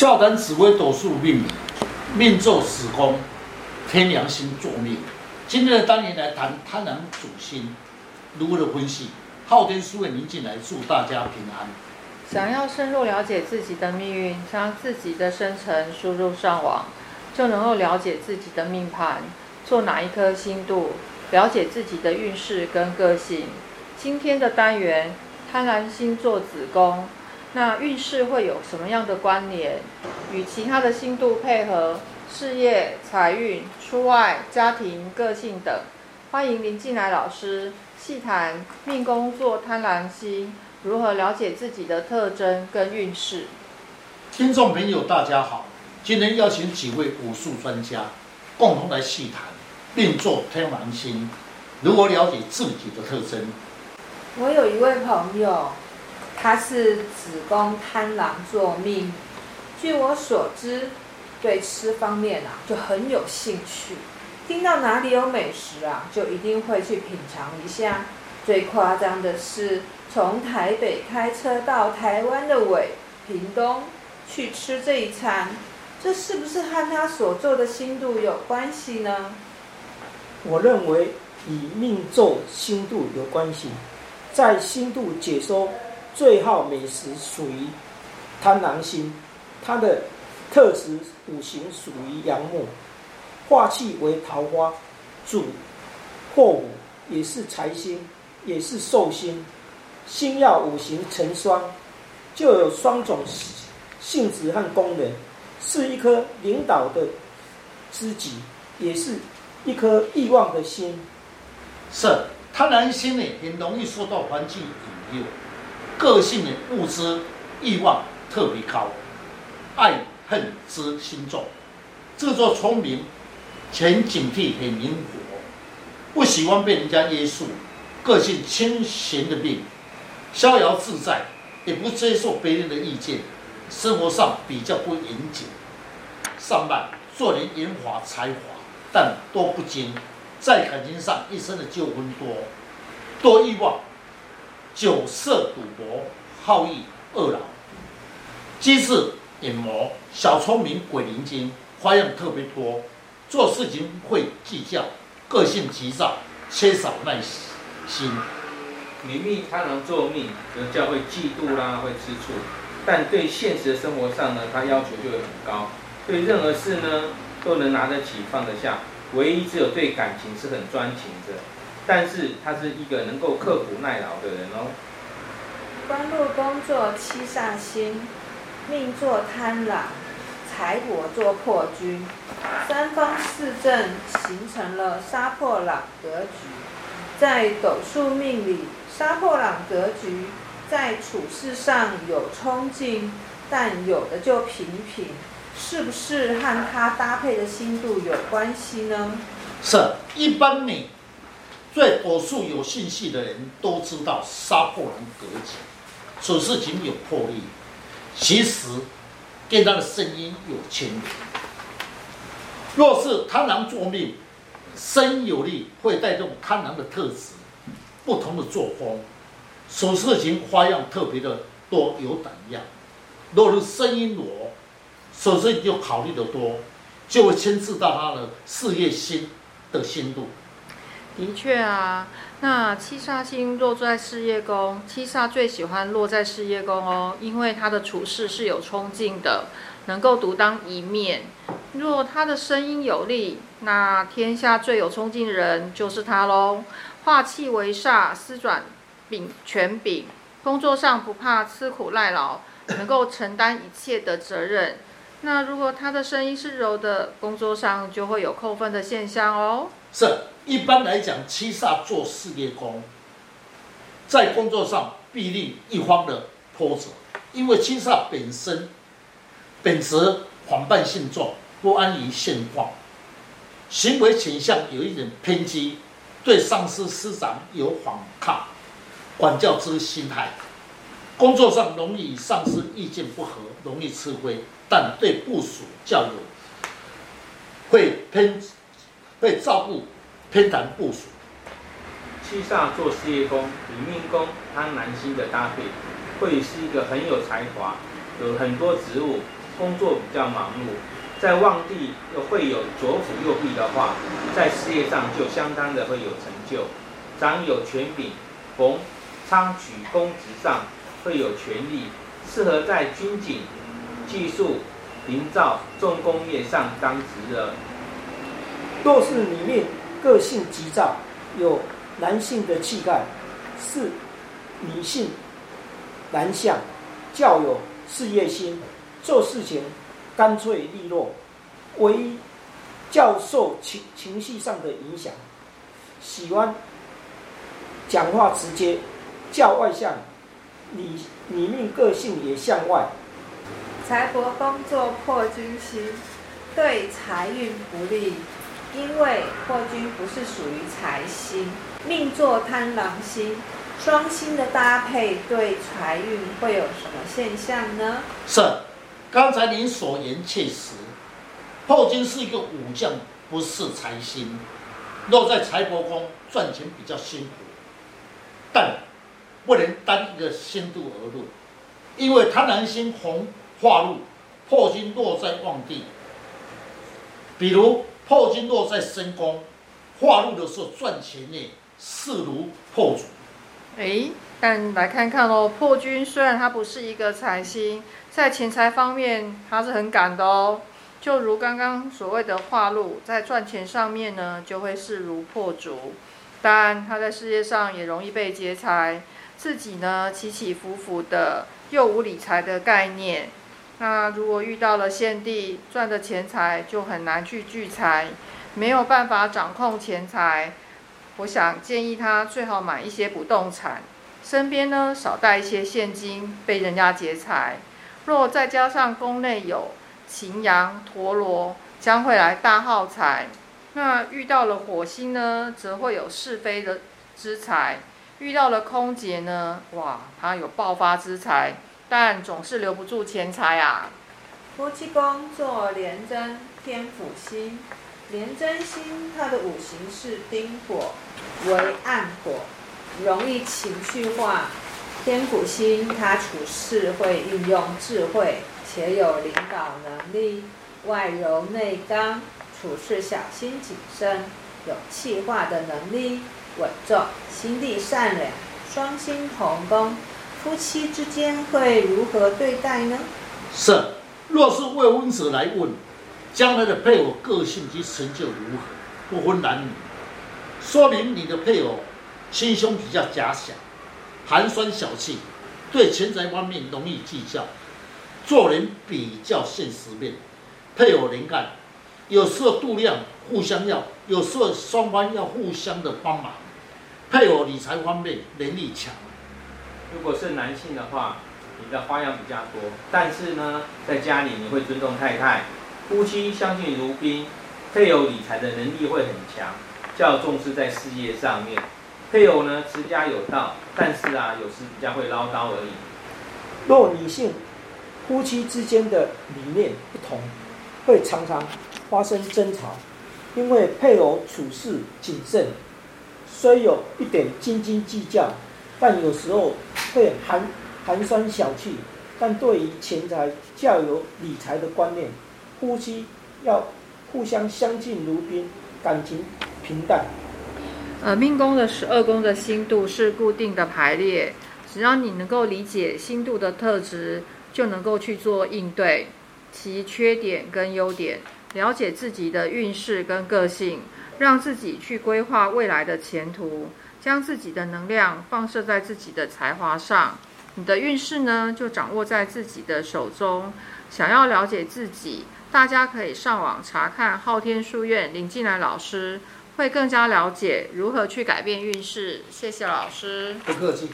笑談紫微斗數命名，命坐子宮，貪狼星坐命。今天的單元來談貪狼坐命，如何分析？昊天書院林進來祝大家平安。想要深入了解自己的命運，將自己的生辰輸入上網，就能夠了解自己的命盤，坐哪一顆星度，了解自己的運勢跟個性。今天的單元，貪狼星坐子宮。那運勢會有什麼樣的關聯？與其他的星度配合，事業、財運、出外、家庭、個性等。歡迎林進來老師細談命宮坐、貪狼星如何了解自己的特徵跟運勢。聽眾朋友，大家好，今天要請幾位五術專家共同來細談命宮坐貪狼星如何了解自己的特徵。我有一位朋友。他是子宮貪狼坐命，據我所知，對吃方面啊就很有興趣，聽到哪裡有美食啊，就一定會去品嘗一下。最誇張的是，從台北開車到台灣的尾屏東去吃這一餐，這是不是和他所做的星度有關係呢？我認為與命坐星度有關係，在星度解說。最好美食屬於貪狼星，它的特質五行屬於陽木，化氣為桃花，主禍福，也是財星，也是壽星。星曜五行成雙，就有雙種性質和功能，是一顆領導的知己，也是一顆慾望的心。是貪狼星呢，也很容易受到環境引誘。個性的物質欲望特別高，愛恨之心重，自作聰明，前警惕很靈活，不喜歡被人家約束，個性清閒的命，逍遙自在，也不接受別人的意見，生活上比較不嚴謹，上半做人圓滑才華，但多不精，在感情上一生的糾紛多，多欲望。酒色賭博，好逸惡勞，機智隱謀，小聰明鬼靈精，花樣特別多，做事情會計較，個性急躁，缺少耐心。明明他能做命，比較會嫉妒啦，會吃醋，但對現實生活上呢，他要求就會很高，對任何事呢都能拿得起放得下，唯一只有對感情是很專情的。但是他是一個能夠刻苦耐勞的人哦。官祿工作七煞星，命坐貪狼，財帛坐破軍，三方四正形成了殺破狼格局。在斗數命裡，殺破狼格局在處事上有衝勁，但有的就平平，是不是和他搭配的星度有關係呢？是，一般你。對偶數有興趣的人都知道，殺破狼格局，所事情有魄力，其實跟他的聲音有牽連。若是貪狼坐命，聲音有力會帶動貪狼的特質，不同的作風，所事情花樣特別的多，有膽量。若是聲音弱，手事情就考慮的多，就會牽制到他的事業心的心度。的確啊，那七煞星落在事業宮，七煞最喜歡落在事業宮哦，因為他的處事是有衝勁的，能夠獨當一面。若他的聲音有力，那天下最有衝勁的人就是他嘍。化氣為煞，司轉柄權柄，工作上不怕吃苦耐勞，能夠承擔一切的責任。那如果他的聲音是柔的，工作上就會有扣分的現象哦。是一般來講，七煞坐事業宮，在工作上必定一方的挫折，因為七煞本身本質防範性重，不安於現狀，行為傾向有一點偏激，對上司師長有反抗、管教之心態，工作上容易與上司意見不合，容易吃虧，但對部署較有會偏執。會照顧偏袒部屬，七煞做事業宮，與命宮貪狼星的搭配，會是一個很有才華，有很多職務，工作比較忙碌，在旺地又會有左輔右弼的話，在事業上就相當的會有成就，掌有權柄，逢昌曲公職上會有權力，適合在軍警、技術、營造、重工業上當職的。都是裡面個性急躁，有男性的氣概，是女性男相，較有事業心，做事情乾脆利落，唯一較受情情緒上的影響，喜歡講話直接，較外向，裡裡面個性也向外。財帛宮坐破軍星，對財運不利。因為破軍不是屬於財星，命坐貪狼星，雙星的搭配對財運會有什麼現象呢？是，剛才您所言確實，破軍是一個武將，不是財星，落在財帛宮賺錢比較辛苦，但不能單一個星度而入，因為貪狼星逢化祿，破軍落在旺地，比如。破軍落在申宮，化祿的時候賺錢呢，勢如破竹。哎、欸，但來看看哦，破軍雖然他不是一個財星，在錢財方面他是很趕的哦。就如剛剛所謂的化祿，在賺錢上面呢，就會勢如破竹。但他在事業上也容易被劫財，自己呢起起伏伏的，又無理財的概念。那如果遇到了限地賺的錢財，就很難去聚財，沒有辦法掌控錢財。我想建議他最好買一些不動產，身邊呢少帶一些現金，被人家劫財。若再加上宮內有擎羊、陀羅，將會來大耗財。那遇到了火星呢，則會有是非的之財。遇到了空劫呢，哇，他有爆發之財。但總是留不住錢財啊！夫妻宮坐廉貞、天府星。廉貞星它的五行是丁火，為暗火，容易情緒化。天府星它處事會運用智慧，且有領導能力，外柔內剛，處事小心謹慎，有氣化的能力，穩重，心地善良，雙星同宮。夫妻之間會如何對待呢？是，若是未婚者來問，將來的配偶個性及成就如何？不分男女，說明你的配偶心胸比較狹小，寒酸小氣，對錢財方面容易計較，做人比較現實面。配偶能幹，有時候，度量互相要，有時候雙方要互相的幫忙。配偶理財方面能力強。如果是男性的話，你的花樣比較多，但是呢，在家裡你會尊重太太，夫妻相敬如賓，配偶理財的能力會很強，較重視在事業上面。配偶呢，持家有道，但是啊，有時比較會嘮叨而已。若女性，夫妻之間的理念不同，會常常發生爭吵，因為配偶處事謹慎，雖有一點斤斤計較，但有時候。對，寒寒酸小氣，但對於錢財較有理財的觀念，夫妻要互相相敬如賓，感情平淡。呃，命宮的十二宮的星度是固定的排列，只要你能夠理解星度的特質，就能夠去做應對其缺點跟優點，了解自己的運勢跟個性。讓自己去規劃未來的前途，將自己的能量放射在自己的才華上，你的運勢呢，就掌握在自己的手中。想要了解自己，大家可以上網查看昊天書院林進來老師，會更加了解如何去改變運勢。謝謝老師，不客氣。